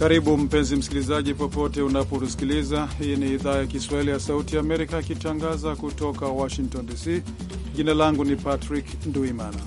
Karibu mpenzi msikilizaji, popote unapotusikiliza. Hii ni idhaa ya Kiswahili ya Sauti ya Amerika ikitangaza kutoka Washington DC. Jina langu ni Patrick Nduimana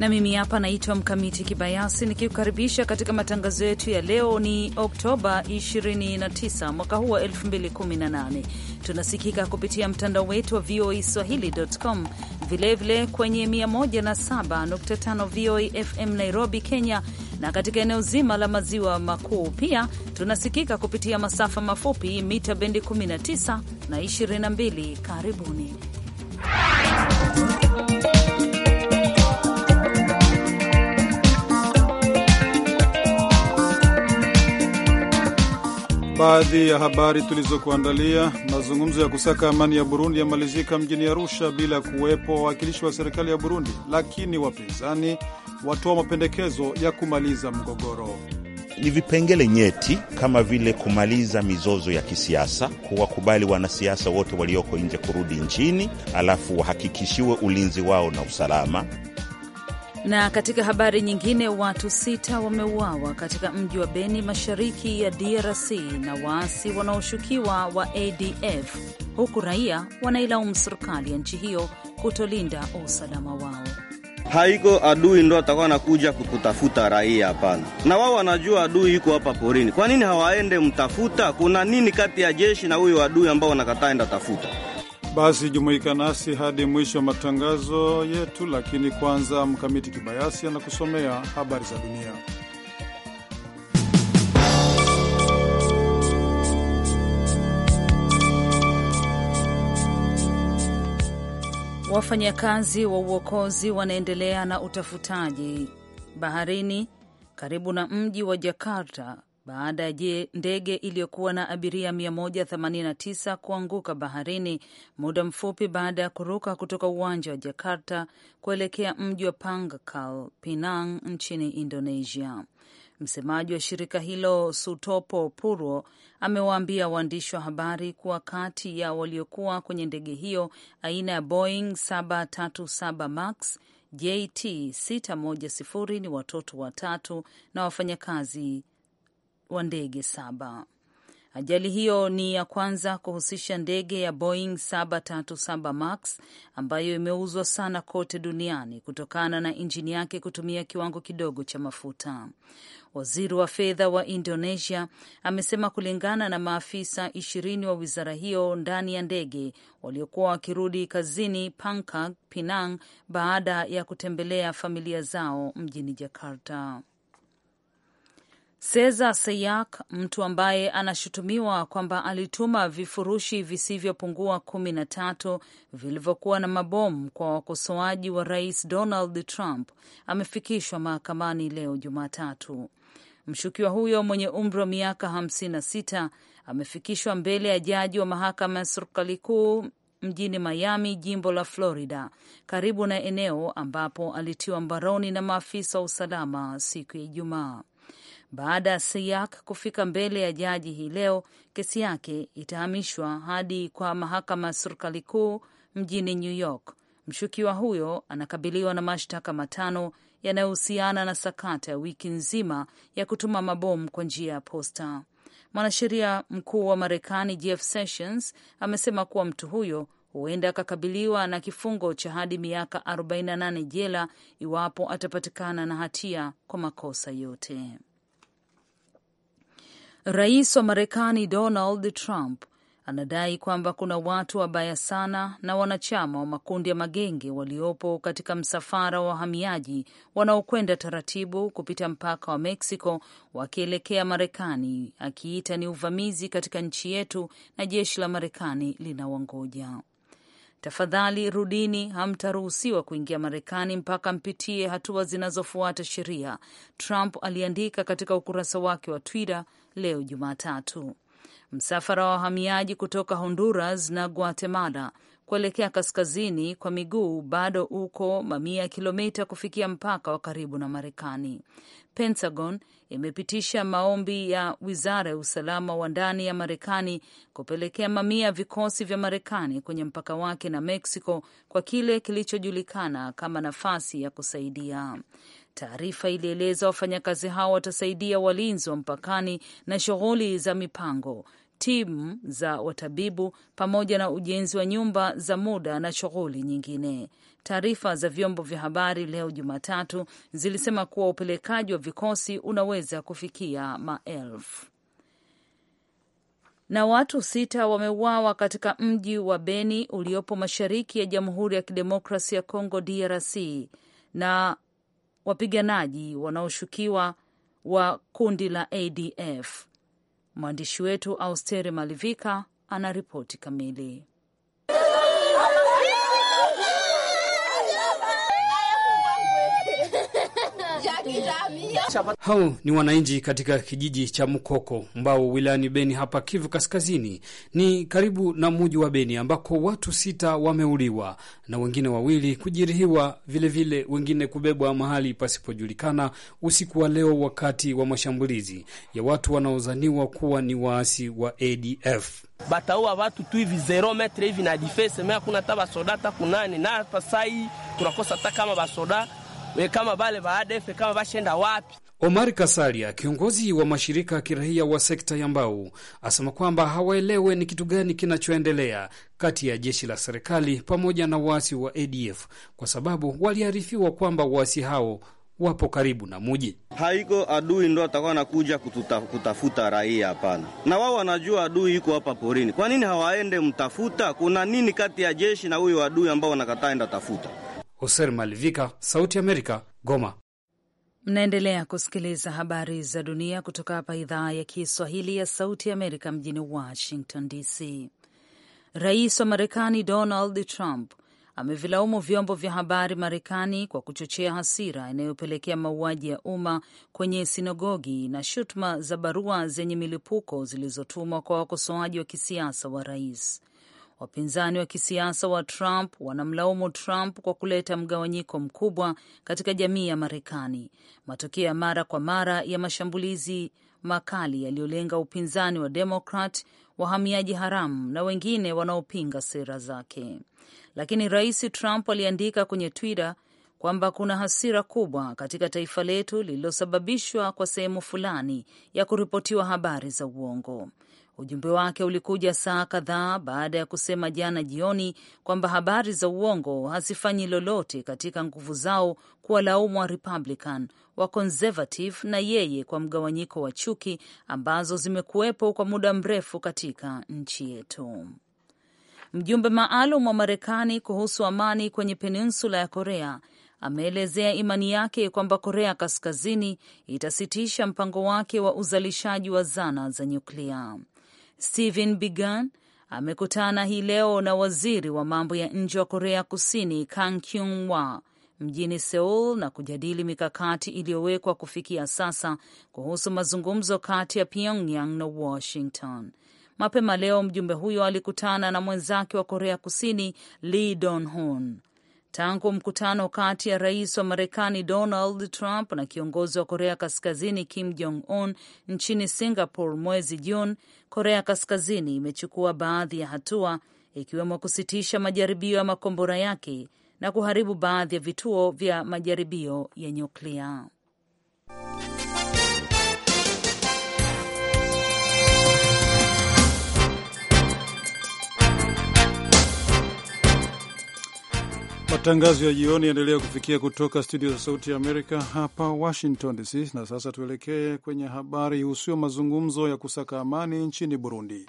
na mimi hapa naitwa Mkamiti Kibayasi nikikukaribisha katika matangazo yetu ya leo. Ni Oktoba 29 mwaka huu wa 2018. Tunasikika kupitia mtandao wetu wa VOA Swahili.com, vilevile kwenye 107.5 VOA FM Nairobi, Kenya na katika eneo zima la maziwa makuu. Pia tunasikika kupitia masafa mafupi mita bendi 19 na 22. Karibuni. Baadhi ya habari tulizokuandalia: mazungumzo ya kusaka amani ya Burundi yamalizika mjini Arusha bila kuwepo wawakilishi wa serikali ya Burundi, lakini wapinzani watoa mapendekezo ya kumaliza mgogoro. Ni vipengele nyeti kama vile kumaliza mizozo ya kisiasa, kuwakubali wanasiasa wote walioko nje kurudi nchini, alafu wahakikishiwe ulinzi wao na usalama. Na katika habari nyingine, watu sita wameuawa katika mji wa Beni mashariki ya DRC na waasi wanaoshukiwa wa ADF, huku raia wanailaumu serikali ya nchi hiyo kutolinda usalama wao haiko adui ndo atakuwa anakuja kukutafuta raia, hapana. Na wao wanajua adui iko hapa porini, kwa nini hawaende mtafuta? Kuna nini kati ya jeshi na huyo adui ambao wanakataa enda tafuta? Basi jumuika nasi hadi mwisho wa matangazo yetu, lakini kwanza Mkamiti Kibayasi anakusomea habari za dunia. Wafanyakazi wa uokozi wanaendelea na utafutaji baharini karibu na mji wa Jakarta baada ya ndege iliyokuwa na abiria 189 kuanguka baharini muda mfupi baada ya kuruka kutoka uwanja wa Jakarta kuelekea mji wa Pangkal Pinang nchini Indonesia. Msemaji wa shirika hilo Sutopo Purwo amewaambia waandishi wa habari kuwa kati ya waliokuwa kwenye ndege hiyo aina ya Boeing 737 Max JT 610 ni watoto watatu na wafanyakazi wa ndege saba. Ajali hiyo ni ya kwanza kuhusisha ndege ya Boeing 737 Max ambayo imeuzwa sana kote duniani kutokana na injini yake kutumia kiwango kidogo cha mafuta. Waziri wa fedha wa Indonesia amesema kulingana na maafisa ishirini wa wizara hiyo ndani ya ndege waliokuwa wakirudi kazini Pankag Pinang baada ya kutembelea familia zao mjini Jakarta. Seza Seyak, mtu ambaye anashutumiwa kwamba alituma vifurushi visivyopungua kumi na tatu vilivyokuwa na mabomu kwa wakosoaji wa rais Donald Trump, amefikishwa mahakamani leo Jumatatu. Mshukiwa huyo mwenye umri wa miaka 56 amefikishwa mbele ya jaji wa mahakama ya serikali kuu mjini Miami, jimbo la Florida, karibu na eneo ambapo alitiwa mbaroni na maafisa wa usalama siku ya Ijumaa. Baada ya Sayak kufika mbele ya jaji hii leo, kesi yake itahamishwa hadi kwa mahakama ya serikali kuu mjini New York. Mshukiwa huyo anakabiliwa na mashtaka matano yanayohusiana na sakata ya wiki nzima ya kutuma mabomu kwa njia ya posta. Mwanasheria mkuu wa Marekani Jeff Sessions amesema kuwa mtu huyo huenda akakabiliwa na kifungo cha hadi miaka 48 jela iwapo atapatikana na hatia kwa makosa yote. Rais wa Marekani Donald Trump anadai kwamba kuna watu wabaya sana na wanachama wa makundi ya magenge waliopo katika msafara wa wahamiaji wanaokwenda taratibu kupita mpaka wa Meksiko wakielekea Marekani, akiita ni uvamizi katika nchi yetu na jeshi la Marekani linawangoja. Tafadhali rudini, hamtaruhusiwa kuingia Marekani mpaka mpitie hatua zinazofuata sheria, Trump aliandika katika ukurasa wake wa Twitter leo Jumatatu. Msafara wa wahamiaji kutoka Honduras na Guatemala kuelekea kaskazini kwa miguu bado uko mamia ya kilomita kufikia mpaka wa karibu na Marekani. Pentagon imepitisha maombi ya wizara ya usalama wa ndani ya Marekani kupelekea mamia ya vikosi vya Marekani kwenye mpaka wake na mexico kwa kile kilichojulikana kama nafasi ya kusaidia. Taarifa ilieleza wafanyakazi hao watasaidia walinzi wa mpakani na shughuli za mipango, timu za watabibu, pamoja na ujenzi wa nyumba za muda na shughuli nyingine. Taarifa za vyombo vya habari leo Jumatatu zilisema kuwa upelekaji wa vikosi unaweza kufikia maelfu. Na watu sita wameuawa katika mji wa Beni uliopo mashariki ya Jamhuri ya Kidemokrasia ya Kongo DRC na wapiganaji wanaoshukiwa wa kundi la ADF. Mwandishi wetu Austere Malivika ana ripoti kamili. Hao ni wananchi katika kijiji cha Mukoko ambao wilayani Beni hapa Kivu Kaskazini, ni karibu na muji wa Beni ambako watu sita wameuliwa na wengine wawili kujeruhiwa, vilevile wengine kubebwa mahali pasipojulikana usiku wa leo, wakati wa mashambulizi ya watu wanaozaniwa kuwa ni waasi wa ADF. Bataua watu tu hivi zero metre hivi na difese mea, kuna hata basoda hata kunani na hapa tunakosa hata kama basoda we kama bale baadefe kama bashenda wapi? Omar Kasalia, kiongozi wa mashirika ya kiraia wa sekta ya Mbau, asema kwamba hawaelewe ni kitu gani kinachoendelea kati ya jeshi la serikali pamoja na waasi wa ADF kwa sababu waliarifiwa kwamba waasi hao wapo karibu na muji. Haiko adui ndo atakuwa anakuja kutafuta raia? Hapana, na wao wanajua adui iko hapa porini. Kwa nini hawaende mtafuta? Kuna nini kati ya jeshi na huyo adui ambao wanakataa enda tafuta? Hoser Malivika, Sauti Amerika, Goma. Mnaendelea kusikiliza habari za dunia kutoka hapa idhaa ya Kiswahili ya Sauti Amerika mjini Washington DC. Rais wa Marekani Donald Trump amevilaumu vyombo vya habari Marekani kwa kuchochea hasira inayopelekea mauaji ya umma kwenye sinagogi na shutuma za barua zenye milipuko zilizotumwa kwa wakosoaji wa kisiasa wa rais. Wapinzani wa kisiasa wa Trump wanamlaumu Trump kwa kuleta mgawanyiko mkubwa katika jamii ya Marekani, matokeo ya mara kwa mara ya mashambulizi makali yaliyolenga upinzani wa Demokrat, wahamiaji haramu na wengine wanaopinga sera zake. Lakini Rais Trump aliandika kwenye Twitter kwamba kuna hasira kubwa katika taifa letu lililosababishwa kwa sehemu fulani ya kuripotiwa habari za uongo. Ujumbe wake ulikuja saa kadhaa baada ya kusema jana jioni kwamba habari za uongo hazifanyi lolote katika nguvu zao kuwalaumu wa Republican, wa Conservative na yeye kwa mgawanyiko wa chuki ambazo zimekuwepo kwa muda mrefu katika nchi yetu. Mjumbe maalum wa Marekani kuhusu amani kwenye peninsula ya Korea ameelezea imani yake kwamba Korea Kaskazini itasitisha mpango wake wa uzalishaji wa zana za nyuklia. Stephen Bigan amekutana hii leo na waziri wa mambo ya nje wa Korea Kusini Kang Kyung Wa mjini Seoul na kujadili mikakati iliyowekwa kufikia sasa kuhusu mazungumzo kati ya Pyongyang na Washington. Mapema leo mjumbe huyo alikutana na mwenzake wa Korea Kusini Lee dong tangu mkutano kati ya rais wa Marekani Donald Trump na kiongozi wa Korea Kaskazini Kim Jong Un nchini Singapore mwezi Juni. Korea Kaskazini imechukua baadhi ya hatua, ikiwemo kusitisha majaribio ya makombora yake na kuharibu baadhi ya vituo vya majaribio ya nyuklia. Matangazo ya jioni yaendelea kufikia kutoka studio za Sauti ya Amerika hapa Washington DC. Na sasa tuelekee kwenye habari ihusuyo mazungumzo ya kusaka amani nchini Burundi.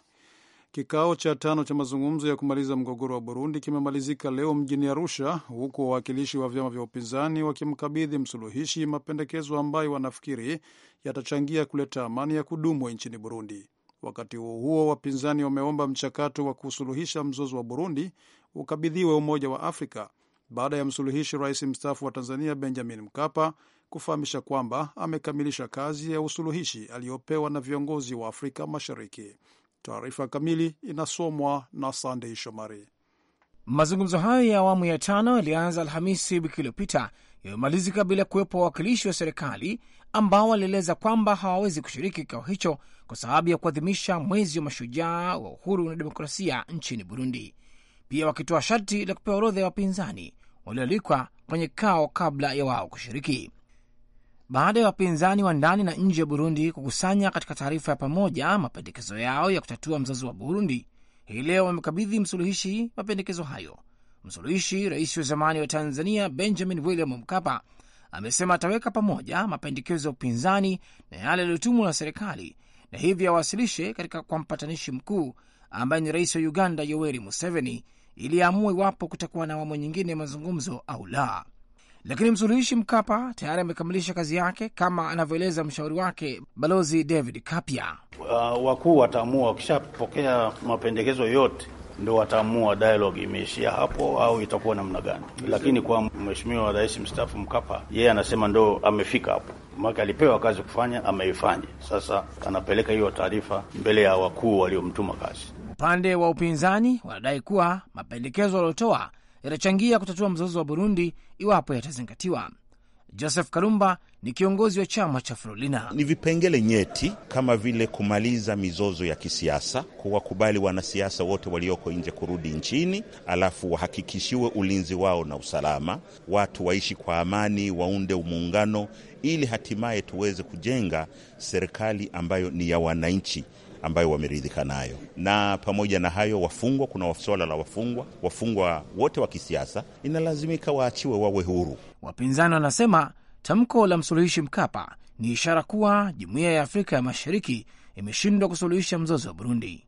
Kikao cha tano cha mazungumzo ya kumaliza mgogoro wa Burundi kimemalizika leo mjini Arusha, huku wawakilishi wa vyama vya upinzani wakimkabidhi msuluhishi mapendekezo ambayo wanafikiri yatachangia kuleta amani ya kudumu nchini Burundi. Wakati huo huo, wapinzani wameomba mchakato wa kusuluhisha mzozo wa Burundi ukabidhiwe Umoja wa Afrika baada ya msuluhishi rais mstaafu wa Tanzania Benjamin Mkapa kufahamisha kwamba amekamilisha kazi ya usuluhishi aliyopewa na viongozi wa Afrika Mashariki. Taarifa kamili inasomwa na Sandei Shomari. Mazungumzo hayo ya awamu ya tano yalianza Alhamisi wiki iliyopita, yamemalizika bila kuwepo wawakilishi wa serikali ambao walieleza kwamba hawawezi kushiriki kikao hicho kwa sababu ya kuadhimisha mwezi wa mashujaa wa uhuru na demokrasia nchini Burundi pia wakitoa sharti la kupewa orodha ya wapinzani walioalikwa kwenye kikao kabla ya wao kushiriki. Baada ya wapinzani wa ndani na nje ya Burundi kukusanya katika taarifa ya pamoja mapendekezo yao ya kutatua mzozo wa Burundi, hii leo wamekabidhi msuluhishi mapendekezo hayo. Msuluhishi, rais wa zamani wa Tanzania Benjamin William Mkapa, amesema ataweka pamoja mapendekezo ya upinzani na yale yaliyotumwa na serikali na hivyo awasilishe katika kwa mpatanishi mkuu ambaye ni rais wa Uganda Yoweri Museveni ili aamue iwapo kutakuwa na awamu nyingine ya mazungumzo au la. Lakini msuluhishi Mkapa tayari amekamilisha kazi yake, kama anavyoeleza mshauri wake Balozi David Kapia. Uh, wakuu wataamua, wakishapokea mapendekezo yote ndio wataamua dialogue imeishia hapo au itakuwa namna gani. Lakini kwa mheshimiwa rais mstaafu Mkapa, yeye anasema ndo amefika hapo, maake alipewa kazi kufanya, ameifanya. Sasa anapeleka hiyo taarifa mbele ya wakuu waliomtuma kazi. Upande wa upinzani wanadai kuwa mapendekezo waliotoa yatachangia kutatua mzozo wa Burundi iwapo yatazingatiwa. Joseph Karumba ni kiongozi wa chama cha Frolina. Ni vipengele nyeti kama vile kumaliza mizozo ya kisiasa, kuwakubali wanasiasa wote walioko nje kurudi nchini, alafu wahakikishiwe ulinzi wao na usalama, watu waishi kwa amani, waunde muungano, ili hatimaye tuweze kujenga serikali ambayo ni ya wananchi ambayo wameridhika nayo. Na pamoja na hayo, wafungwa, kuna swala la wafungwa. Wafungwa wote wa kisiasa inalazimika waachiwe, wawe huru. Wapinzani wanasema tamko la msuluhishi Mkapa ni ishara kuwa jumuiya ya Afrika ya Mashariki imeshindwa kusuluhisha mzozo wa Burundi.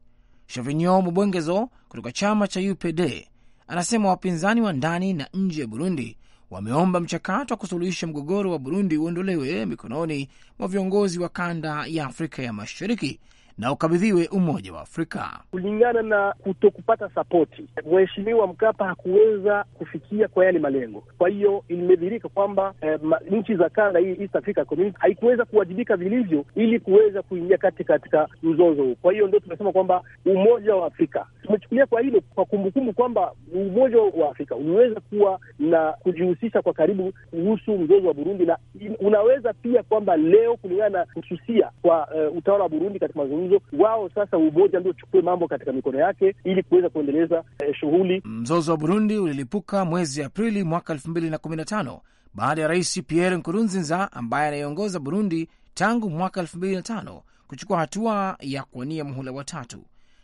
Chavinyo Mubwengezo kutoka chama cha UPD anasema wapinzani wa ndani na nje ya Burundi wameomba mchakato wa kusuluhisha mgogoro wa Burundi uondolewe mikononi mwa viongozi wa kanda ya Afrika ya Mashariki na ukabidhiwe Umoja wa Afrika. Kulingana na kutokupata sapoti, Mheshimiwa Mkapa hakuweza kufikia kwa yale malengo. Kwa hiyo ilimedhirika kwamba eh, nchi za kanda hii East Africa Community haikuweza kuwajibika vilivyo ili kuweza kuingia kati katika mzozo huu. Kwa hiyo ndio tunasema kwamba Umoja wa Afrika tumechukulia kwa hilo kwa kumbukumbu kwamba Umoja wa Afrika uliweza kuwa na kujihusisha kwa karibu kuhusu mzozo wa Burundi, na unaweza pia kwamba leo kulingana na kususia kwa uh, utawala wa Burundi katika mazungumzo mazungumzo, wao sasa umoja ndio uchukue mambo katika mikono yake ili kuweza kuendeleza eh, shughuli. Mzozo wa Burundi ulilipuka mwezi Aprili mwaka elfu mbili na kumi na tano baada ya Rais Pierre Nkurunziza ambaye anayeongoza Burundi tangu mwaka elfu mbili na tano kuchukua hatua ya kuwania muhula watatu,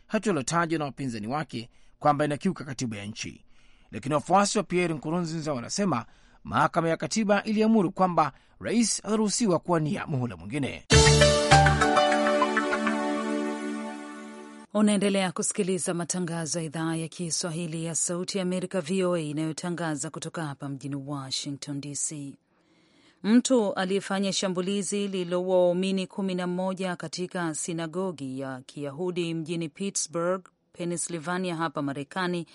hatua iliotajwa na wapinzani wake kwamba inakiuka katiba ya nchi. Lakini wafuasi wa Pierre Nkurunziza wanasema mahakama ya katiba iliamuru kwamba rais anaruhusiwa kuwania muhula mwingine. Unaendelea kusikiliza matangazo ya idhaa ya Kiswahili ya Sauti ya Amerika, VOA, inayotangaza kutoka hapa mjini Washington DC. Mtu aliyefanya shambulizi lililoua waumini kumi na mmoja katika sinagogi ya Kiyahudi mjini Pittsburgh, Pennsylvania, hapa Marekani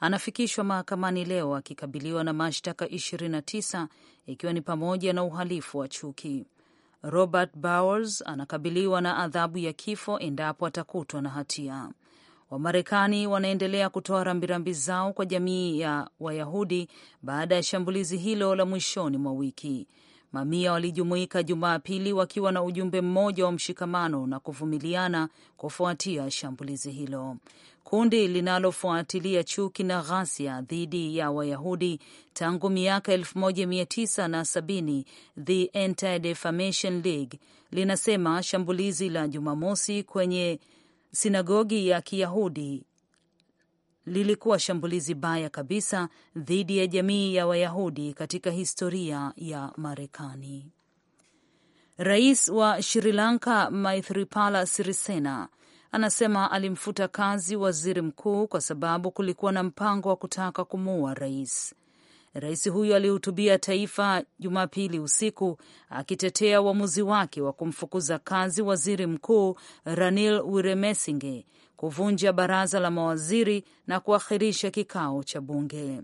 anafikishwa mahakamani leo akikabiliwa na mashtaka 29 ikiwa ni pamoja na uhalifu wa chuki. Robert Bowers anakabiliwa na adhabu ya kifo endapo atakutwa na hatia. Wamarekani wanaendelea kutoa rambirambi zao kwa jamii ya Wayahudi baada ya shambulizi hilo la mwishoni mwa wiki. Mamia walijumuika Jumapili wakiwa na ujumbe mmoja wa mshikamano na kuvumiliana kufuatia shambulizi hilo. Kundi linalofuatilia chuki na ghasia dhidi ya Wayahudi tangu miaka 1970 The Anti-Defamation League linasema shambulizi la Jumamosi kwenye sinagogi ya Kiyahudi lilikuwa shambulizi baya kabisa dhidi ya jamii ya Wayahudi katika historia ya Marekani. Rais wa Sri Lanka Maithripala Sirisena anasema alimfuta kazi waziri mkuu kwa sababu kulikuwa na mpango wa kutaka kumuua rais. Rais huyo alihutubia taifa Jumapili usiku akitetea uamuzi wake wa kumfukuza kazi waziri mkuu Ranil Wickremesinghe kuvunja baraza la mawaziri na kuakhirisha kikao cha bunge.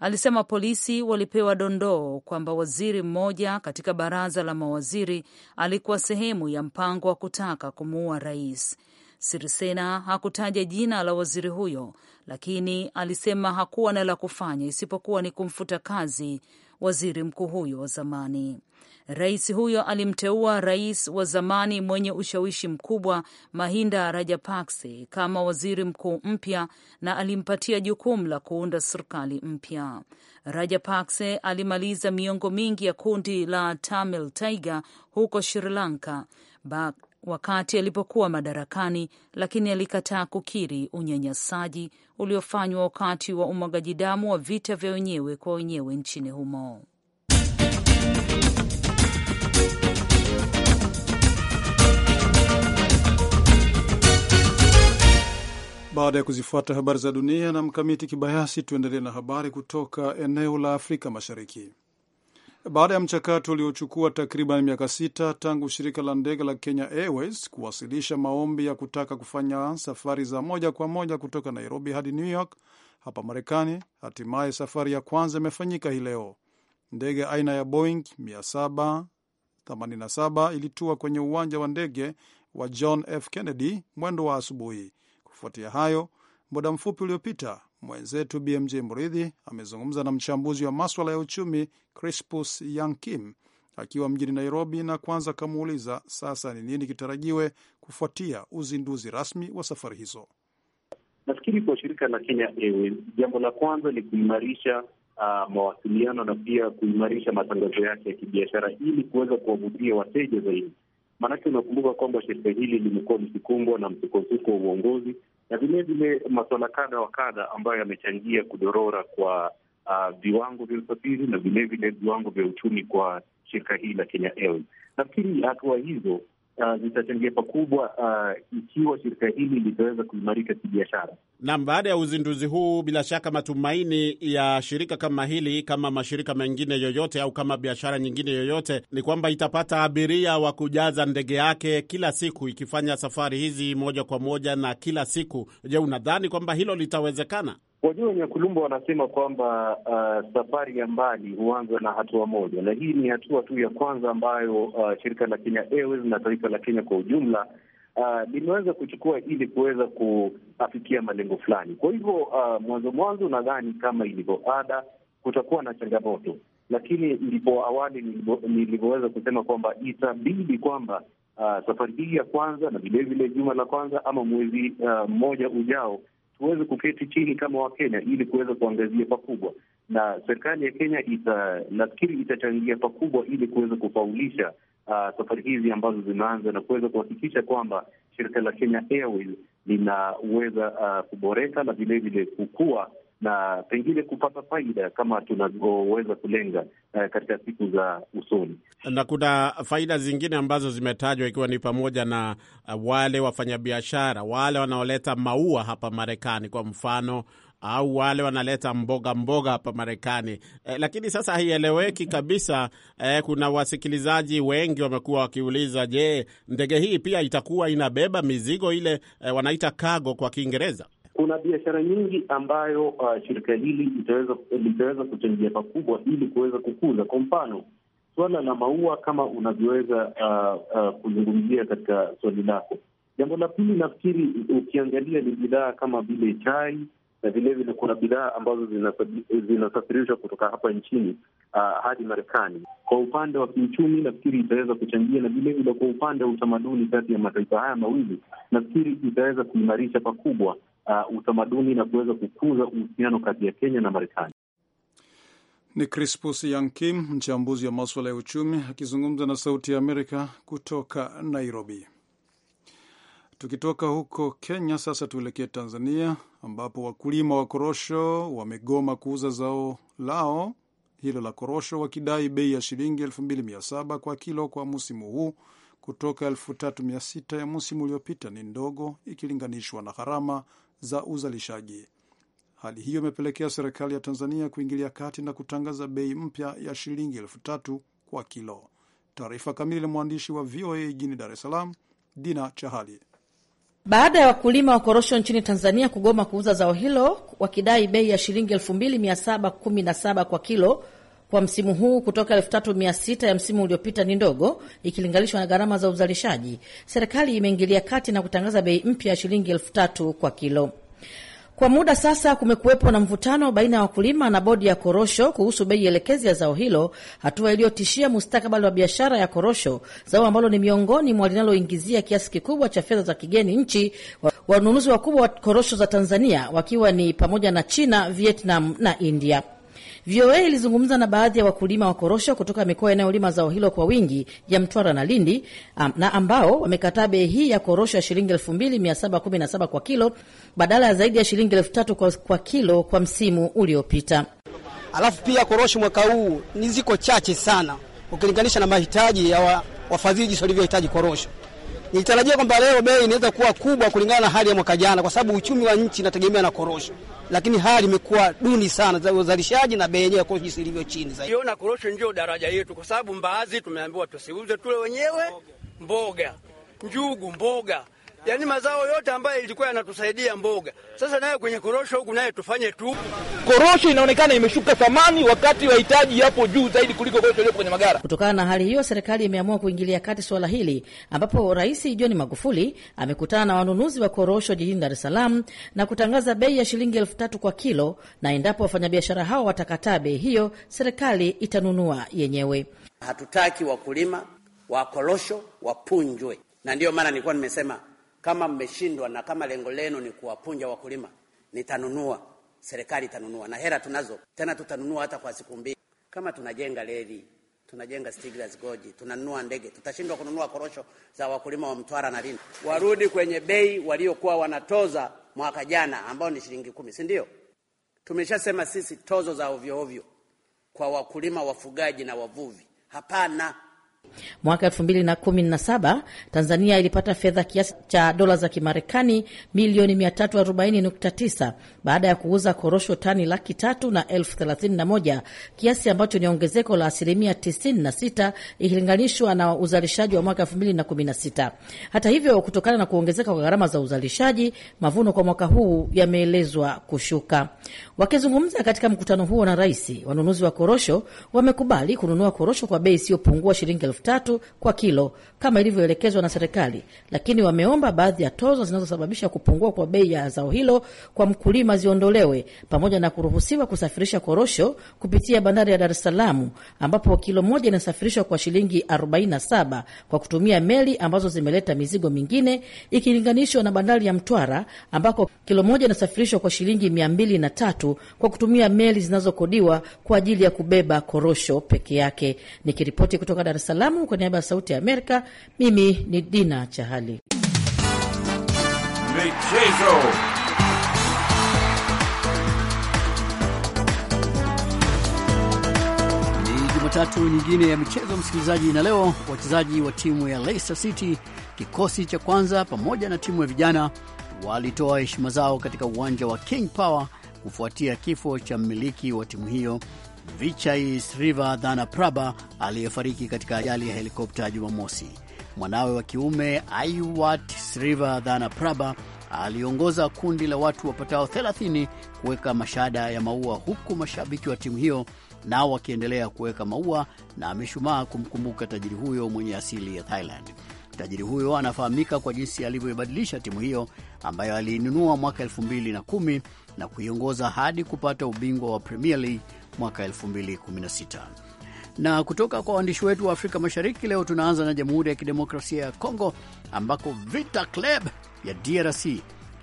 Alisema polisi walipewa dondoo kwamba waziri mmoja katika baraza la mawaziri alikuwa sehemu ya mpango wa kutaka kumuua rais. Sirisena hakutaja jina la waziri huyo, lakini alisema hakuwa na la kufanya isipokuwa ni kumfuta kazi waziri mkuu huyo wa zamani. Rais huyo alimteua rais wa zamani mwenye ushawishi mkubwa Mahinda Rajapakse kama waziri mkuu mpya na alimpatia jukumu la kuunda serikali mpya. Rajapakse alimaliza miongo mingi ya kundi la Tamil Tiger huko Sri Lanka wakati alipokuwa madarakani, lakini alikataa kukiri unyanyasaji uliofanywa wakati wa umwagaji damu wa vita vya wenyewe kwa wenyewe nchini humo. Baada ya kuzifuata habari za dunia na Mkamiti Kibayasi, tuendelee na habari kutoka eneo la Afrika Mashariki baada ya mchakato uliochukua takriban miaka sita tangu shirika la ndege la Kenya Airways kuwasilisha maombi ya kutaka kufanya safari za moja kwa moja kutoka Nairobi hadi New York hapa Marekani, hatimaye safari ya kwanza imefanyika hii leo. Ndege aina ya Boeing 787 ilitua kwenye uwanja wa ndege wa John F Kennedy mwendo wa asubuhi. Kufuatia hayo, Muda mfupi uliopita mwenzetu BMJ Mridhi amezungumza na mchambuzi wa maswala ya uchumi Crispus Yankim akiwa mjini Nairobi, na kwanza akamuuliza sasa ni nini kitarajiwe kufuatia uzinduzi rasmi wa safari hizo. Nafikiri kwa shirika la Kenya Airways, jambo la kwanza ni kuimarisha uh, mawasiliano na pia kuimarisha matangazo yake ya kibiashara ili kuweza kuwavutia wateja zaidi. Maanake unakumbuka kwamba shirika hili limekuwa likikumbwa na msukosuko wa uongozi na vilevile masuala kadha wa kadha ambayo yamechangia kudorora kwa uh, viwango vya usafiri na vilevile viwango vya uchumi kwa shirika hii la Kenya Airways. Nafikiri hatua hizo uh, zitachangia pakubwa uh, ikiwa shirika hili litaweza kuimarika kibiashara. Naam, baada ya uzinduzi huu, bila shaka matumaini ya shirika kama hili, kama mashirika mengine yoyote, au kama biashara nyingine yoyote, ni kwamba itapata abiria wa kujaza ndege yake kila siku, ikifanya safari hizi moja kwa moja na kila siku. Je, unadhani kwamba hilo litawezekana? Wajua, wenye kulumba wanasema kwamba uh, safari ya mbali huanza na hatua moja, na hii ni hatua tu ya kwanza ambayo uh, shirika la Kenya Airways na taifa la Kenya kwa ujumla uh, limeweza kuchukua ili kuweza kuafikia malengo fulani. Kwa hivyo uh, mwanzo mwanzo, nadhani kama ilivyo ada, kutakuwa na changamoto, lakini ndipo awali nilivyoweza kusema kwamba itabidi kwamba uh, safari hii ya kwanza na vilevile juma la kwanza ama mwezi uh, mmoja ujao tuweze kuketi chini kama Wakenya ili kuweza kuangazia pakubwa, na serikali ya Kenya ita, nafikiri itachangia pakubwa ili kuweza kufaulisha uh, safari hizi ambazo zinaanza na kuweza kuhakikisha kwamba shirika la Kenya Airways linaweza uh, kuboreka na vilevile kukua na pengine kupata faida kama tunavyoweza kulenga uh, katika siku za usoni. Na kuna faida zingine ambazo zimetajwa ikiwa ni pamoja na uh, wale wafanyabiashara wale wanaoleta maua hapa Marekani kwa mfano au wale wanaleta mboga mboga hapa Marekani eh, lakini sasa haieleweki kabisa eh. Kuna wasikilizaji wengi wamekuwa wakiuliza, je, ndege hii pia itakuwa inabeba mizigo ile eh, wanaita cargo kwa Kiingereza? kuna biashara nyingi ambayo uh, shirika hili litaweza kuchangia pakubwa ili kuweza kukuza. Kwa mfano suala la maua kama unavyoweza uh, uh, kuzungumzia katika swali lako. Jambo la pili, nafikiri ukiangalia ni bidhaa kama vile chai na vilevile kuna bidhaa ambazo zinasafirishwa kutoka hapa nchini uh, hadi Marekani. Kwa upande wa kiuchumi, nafikiri itaweza kuchangia, na vilevile kwa upande wa utamaduni kati ya mataifa haya mawili, nafikiri itaweza kuimarisha pakubwa uh, utamaduni na kuweza kukuza uhusiano kati ya Kenya na Marekani. Ni Crispus Yankim, mchambuzi wa maswala ya uchumi, akizungumza na Sauti ya Amerika kutoka Nairobi. Tukitoka huko Kenya sasa tuelekee Tanzania, ambapo wakulima wa korosho wamegoma kuuza zao lao hilo la korosho, wakidai bei ya shilingi 2700 kwa kilo kwa msimu huu kutoka 3600 ya msimu uliopita. Ni ndogo ikilinganishwa na gharama za uzalishaji. Hali hiyo imepelekea serikali ya Tanzania kuingilia kati na kutangaza bei mpya ya shilingi elfu tatu kwa kilo. Taarifa kamili na mwandishi wa VOA jijini Dar es Salaam, Dina Chahali. Baada ya wakulima wa korosho nchini Tanzania kugoma kuuza zao hilo wakidai bei ya shilingi elfu mbili mia saba kumi na saba kwa kilo kwa msimu huu kutoka elfu tatu mia sita ya msimu uliopita ni ndogo ikilinganishwa na gharama za uzalishaji. Serikali imeingilia kati na kutangaza bei mpya ya shilingi elfu tatu kwa kilo. Kwa muda sasa kumekuwepo na mvutano baina ya wakulima na bodi ya korosho kuhusu bei elekezi ya zao hilo, hatua iliyotishia mustakabali wa biashara ya korosho, zao ambalo ni miongoni mwa linaloingizia kiasi kikubwa cha fedha za kigeni nchi. Wanunuzi wakubwa wa korosho za Tanzania wakiwa ni pamoja na China, Vietnam na India. VOA ilizungumza na baadhi ya wakulima wa korosho kutoka mikoa inayolima zao hilo kwa wingi ya Mtwara na Lindi um, na ambao wamekataa bei hii ya korosho ya shilingi elfu mbili mia saba kumi na saba kwa kilo badala ya zaidi ya shilingi elfu tatu kwa, kwa kilo kwa msimu uliopita. Alafu pia korosho mwaka huu ni ziko chache sana ukilinganisha na mahitaji ya wafadhili jinsi walivyohitaji korosho. Nilitarajia kwamba leo bei inaweza kuwa kubwa kulingana na hali ya mwaka jana, kwa sababu uchumi wa nchi inategemea na korosho, lakini hali imekuwa duni sana, uzalishaji na bei yenyewe ya korosho jinsi ilivyo chini zaidi. Ona, korosho ndio daraja yetu, kwa sababu mbaazi tumeambiwa tusiuze, tule wenyewe mboga, njugu, mboga yani mazao yote ambayo ilikuwa yanatusaidia mboga, sasa nayo kwenye korosho huku naye tufanye tu. Korosho inaonekana imeshuka thamani, wakati wahitaji yapo juu zaidi kuliko korosho iliyopo kwenye magara. Kutokana na hali hiyo, serikali imeamua kuingilia kati suala hili, ambapo Rais John Magufuli amekutana na wanunuzi wa korosho jijini Dar es Salaam na kutangaza bei ya shilingi elfu tatu kwa kilo, na endapo wafanyabiashara hao watakataa bei hiyo, serikali itanunua yenyewe. Hatutaki wakulima wa korosho wapunjwe, na ndiyo maana nilikuwa nimesema kama mmeshindwa na kama lengo lenu ni kuwapunja wakulima, nitanunua, serikali itanunua na hera tunazo, tena tutanunua hata kwa siku mbili. Kama tunajenga reli, tunajenga Stiglas Goji, tunanunua ndege, tutashindwa kununua korosho za wakulima wa Mtwara na Lindi? Warudi kwenye bei waliokuwa wanatoza mwaka jana, ambao ni shilingi kumi, si ndio? Tumeshasema sisi tozo za ovyo ovyo kwa wakulima, wafugaji na wavuvi, hapana. Mwaka elfu mbili na kumi na saba Tanzania ilipata fedha kiasi cha dola za Kimarekani milioni tisa baada ya kuuza korosho tani laki tatu na elfu thelathini na moja kiasi ambacho ni ongezeko la asilimia 96 ikilinganishwa na uzalishaji wa mwaka elfu mbili na kumi na sita. Hata hivyo, kutokana na kuongezeka kwa gharama za uzalishaji, mavuno kwa mwaka huu yameelezwa kushuka. Wakizungumza katika mkutano huo na rais, wanunuzi wa korosho wamekubali kununua korosho kwa bei isiyopungua shilingi elfu tatu kwa kilo kama ilivyoelekezwa na serikali, lakini wameomba baadhi ya tozo zinazosababisha kupungua kwa bei ya zao hilo kwa mkulima ziondolewe pamoja na kuruhusiwa kusafirisha korosho kupitia bandari ya Dar es Salaam ambapo kilo moja inasafirishwa kwa shilingi 47 kwa kutumia meli ambazo zimeleta mizigo mingine ikilinganishwa na bandari ya Mtwara ambako kilo moja inasafirishwa kwa shilingi 203 kwa kutumia meli zinazokodiwa kwa ajili ya kubeba korosho peke yake. Nikiripoti kutoka Dar es Salaam. Salamu. Kwa niaba ya Sauti ya Amerika, mimi ni Dina Chahali. Michezo. tatu nyingine ya michezo msikilizaji, na leo wachezaji wa timu ya Leicester City kikosi cha kwanza pamoja na timu ya vijana walitoa heshima zao katika uwanja wa King Power kufuatia kifo cha mmiliki wa timu hiyo Vichai Praba aliyefariki katika ajali ya helikopta Jumamosi. Mwanawe wa kiume Aiwat sriva Praba aliongoza kundi la watu wapatao 30 kuweka mashada ya maua, huku mashabiki wa timu hiyo nao wakiendelea kuweka maua na mishumaa kumkumbuka tajiri huyo mwenye asili ya Thailand. Tajiri huyo anafahamika kwa jinsi alivyoibadilisha timu hiyo ambayo aliinunua mwaka 2010 na kuiongoza hadi kupata ubingwa wa Premier League mwaka 2016. Na kutoka kwa waandishi wetu wa Afrika Mashariki, leo tunaanza na Jamhuri ya Kidemokrasia ya Kongo ambako Vita Club ya DRC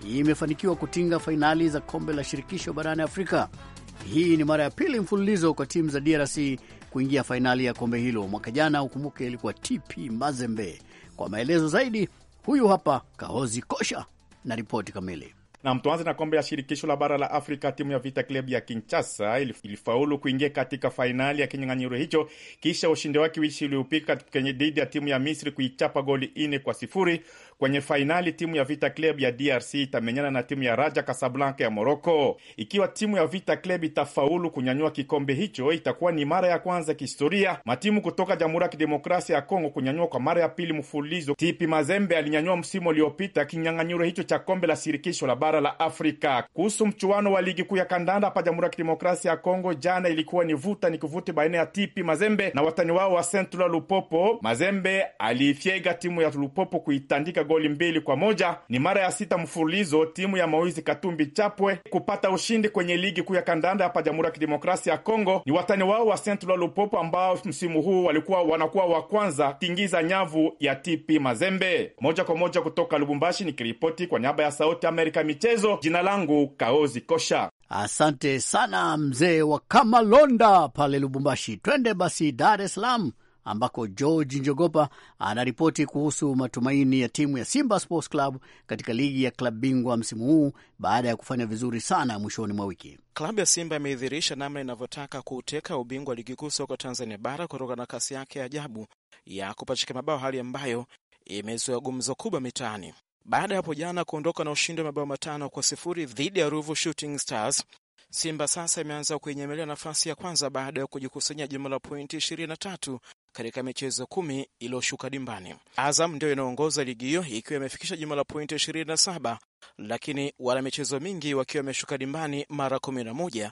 imefanikiwa kutinga fainali za kombe la shirikisho barani Afrika. Hii ni mara ya pili mfululizo kwa timu za DRC kuingia fainali ya kombe hilo. Mwaka jana, ukumbuke, ilikuwa TP Mazembe. Kwa maelezo zaidi, huyu hapa Kahozi Kosha na ripoti kamili. Na mtuanze na kombe ya shirikisho la bara la Afrika, timu ya Vita Club ya Kinshasa ilifaulu kuingia katika fainali ya kinyang'anyiro hicho kisha ushindi wake wishi uliopika dhidi ya timu ya Misri kuichapa goli nne kwa sifuri Kwenye fainali timu ya Vita Club ya DRC itamenyana na timu ya Raja Casablanca ya Moroko. Ikiwa timu ya Vita Club itafaulu kunyanyua kikombe hicho, itakuwa ni mara ya kwanza kihistoria matimu kutoka Jamhuri ya Kidemokrasia ya Kongo kunyanyua kwa mara ya pili mfululizo. Tipi Mazembe alinyanyua msimu uliopita kinyang'anyiro hicho cha kombe la shirikisho la bara la Afrika. Kuhusu mchuano wa ligi kuu ya kandanda hapa Jamhuri ya Kidemokrasia ya Kongo, jana ilikuwa ni vuta ni kuvuti baina ya Tipi Mazembe na watani wao wa Sentral Lupopo. Mazembe aliifyega timu ya Lupopo kuitandika goli mbili kwa moja. Ni mara ya sita mfululizo timu ya Moizi Katumbi Chapwe kupata ushindi kwenye ligi kuu ya kandanda hapa Jamhuri ya Kidemokrasia ya Kongo. Ni watani wao wa Sentral Eloi Lupopo ambao msimu huu walikuwa wanakuwa wa kwanza kingiza nyavu ya TP Mazembe. Moja kwa moja kutoka Lubumbashi nikiripoti kwa niaba ya Sauti Amerika michezo, jina langu Kaozi Kosha. Asante sana mzee wa Kamalonda pale Lubumbashi. Twende basi Dar es Salaam ambako George Njogopa anaripoti kuhusu matumaini ya timu ya Simba Sports Club katika ligi ya klabu bingwa msimu huu baada ya kufanya vizuri sana mwishoni mwa wiki. Klabu ya Simba imeidhirisha namna inavyotaka kuuteka ubingwa wa ligi kuu soka Tanzania bara kutokana na kasi yake ya ajabu ya kupachika mabao, hali ambayo imezua gumzo kubwa mitaani baada ya hapo jana kuondoka na ushindi wa mabao matano kwa sifuri dhidi ya Ruvu Shooting Stars. Simba sasa imeanza kuinyemelea nafasi ya kwanza baada ya kujikusanya jumla pointi 23 katika michezo kumi iliyoshuka dimbani. Azam ndiyo inaongoza ligi hiyo ikiwa imefikisha jumla la pointi 27, lakini wana michezo mingi wakiwa wameshuka dimbani mara 11,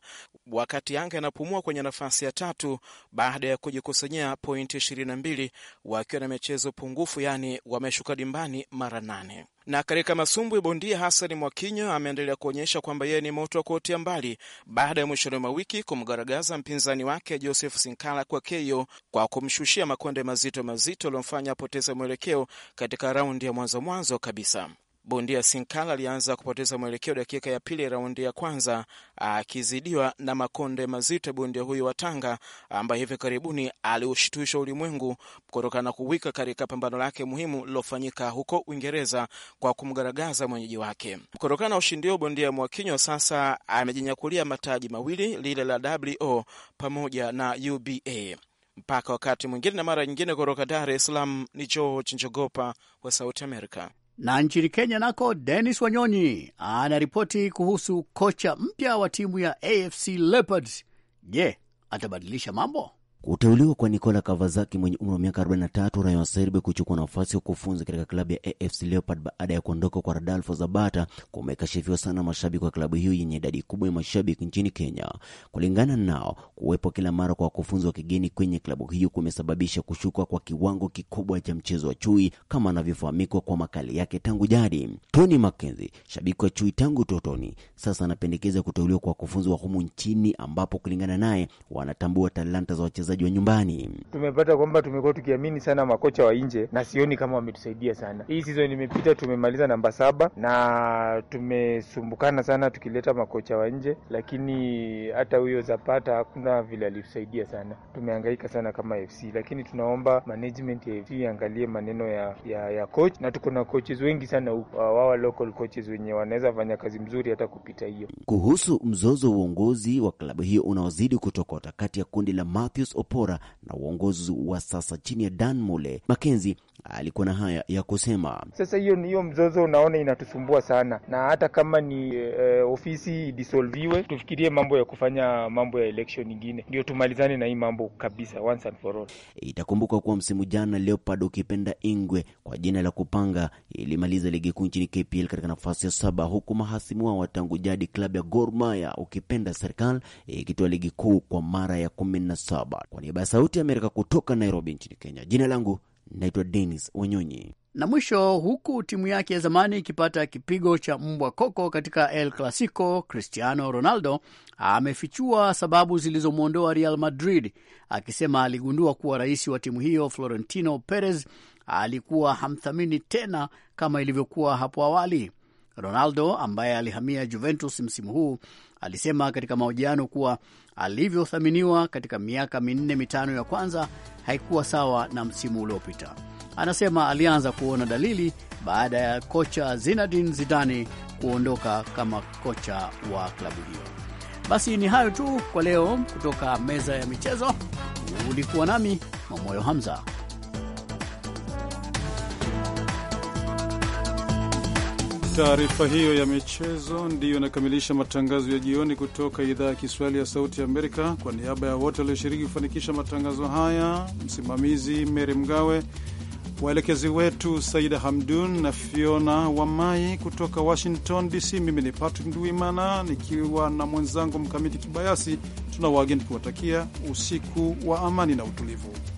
wakati Yanga inapumua kwenye nafasi ya tatu baada ya kujikusanyia pointi 22 wakiwa na michezo pungufu, yaani wameshuka dimbani mara nane. Na katika masumbwi bondia Hasani Mwakinyo ameendelea kuonyesha kwamba yeye ni moto wa kuotea mbali baada ya mwishoni mwa wiki kumgaragaza mpinzani wake Joseph Sinkala kwa KO kwa kumshushia makonde mazito mazito aliyomfanya apoteze mwelekeo katika raundi ya mwanzo mwanzo kabisa. Bondia Sinkala alianza kupoteza mwelekeo dakika ya pili ya raundi ya kwanza, akizidiwa na makonde mazito ya bondia huyo wa Tanga ambaye hivi karibuni aliushitushwa ulimwengu kutokana na kuwika katika pambano lake muhimu lilofanyika huko Uingereza kwa kumgaragaza mwenyeji wake. Kutokana na ushindi huo, bondia Mwakinywa sasa amejinyakulia mataji mawili, lile la WO pamoja na UBA. Mpaka wakati mwingine na mara nyingine, kutoka Dar es Salaam ni George Njogopa wa Sauti Amerika. Na nchini Kenya nako denis Wanyonyi anaripoti kuhusu kocha mpya wa timu ya AFC Leopards. Je, atabadilisha mambo? Kuteuliwa kwa Nikola Kavazaki mwenye umri wa miaka 43 raia wa Serbia kuchukua nafasi ya kufunza katika klabu ya AFC Leopard baada ya kuondoka kwa Radalfo Zabata kumekashifiwa sana mashabiki wa klabu hiyo yenye idadi kubwa ya mashabiki nchini Kenya. Kulingana nao, kuwepo kila mara kwa wakufunzi wa kigeni kwenye klabu hiyo kumesababisha kushuka kwa kiwango kikubwa cha mchezo wa chui kama anavyofahamikwa kwa makali yake tangu jadi. Tony Mackenzie, shabiki wa chui tangu totoni sasa anapendekeza kuteuliwa kwa wakufunzi wa humu nchini ambapo kulingana naye wanatambua talanta za wachezaji wachezaji wa nyumbani. Tumepata kwamba tumekuwa tukiamini sana makocha wa nje na sioni kama wametusaidia sana. Hii season imepita, tumemaliza namba saba na tumesumbukana sana tukileta makocha wa nje, lakini hata huyo Zapata hakuna vile alitusaidia sana. Tumehangaika sana kama FC, lakini tunaomba management ya FC iangalie maneno ya, ya, ya coach na tuko na coaches wengi sana wawa local coaches wenye wanaweza fanya kazi mzuri hata kupita hiyo. Kuhusu mzozo wa uongozi wa klabu hiyo unaozidi kutokota kati ya kundi la Matthews kupora na uongozi wa sasa chini ya Dan Mule. Makenzi alikuwa na haya ya kusema. Sasa hiyo hiyo mzozo unaona inatusumbua sana, na hata kama ni e, ofisi idisolviwe, tufikirie mambo ya kufanya mambo ya election ingine, ndio tumalizane na hii mambo kabisa once and for all. kuwa msimu jana Leopard ukipenda Ingwe kwa jina la kupanga ilimaliza ligi kuu nchini KPL katika nafasi ya saba, huku mahasimu wao tangu jadi klabu ya Gor Mahia ukipenda serikali ikitoa ligi kuu kwa mara ya kumi na saba. Kwa niaba ya Sauti ya Amerika kutoka Nairobi nchini Kenya, jina langu naitwa Denis Wanyonyi. Na mwisho, huku timu yake ya zamani ikipata kipigo cha mbwa koko katika El Clasico, Cristiano Ronaldo amefichua sababu zilizomwondoa Real Madrid, akisema aligundua kuwa rais wa timu hiyo Florentino Perez alikuwa hamthamini tena kama ilivyokuwa hapo awali. Ronaldo ambaye alihamia Juventus msimu huu alisema katika mahojiano kuwa alivyothaminiwa katika miaka minne mitano ya kwanza haikuwa sawa na msimu uliopita. Anasema alianza kuona dalili baada ya kocha Zinedine Zidane kuondoka kama kocha wa klabu hiyo. Basi ni hayo tu kwa leo kutoka meza ya michezo. Ulikuwa nami Mwamoyo Hamza. taarifa hiyo ya michezo ndiyo inakamilisha matangazo ya jioni kutoka idhaa ya Kiswahili ya Sauti ya Amerika. Kwa niaba ya wote walioshiriki kufanikisha matangazo haya, msimamizi mery Mgawe, waelekezi wetu Saida Hamdun na Fiona Wamai kutoka Washington DC. Mimi ni Patrick Nduimana nikiwa na mwenzangu Mkamiti Kibayasi, tuna wageni kuwatakia usiku wa amani na utulivu.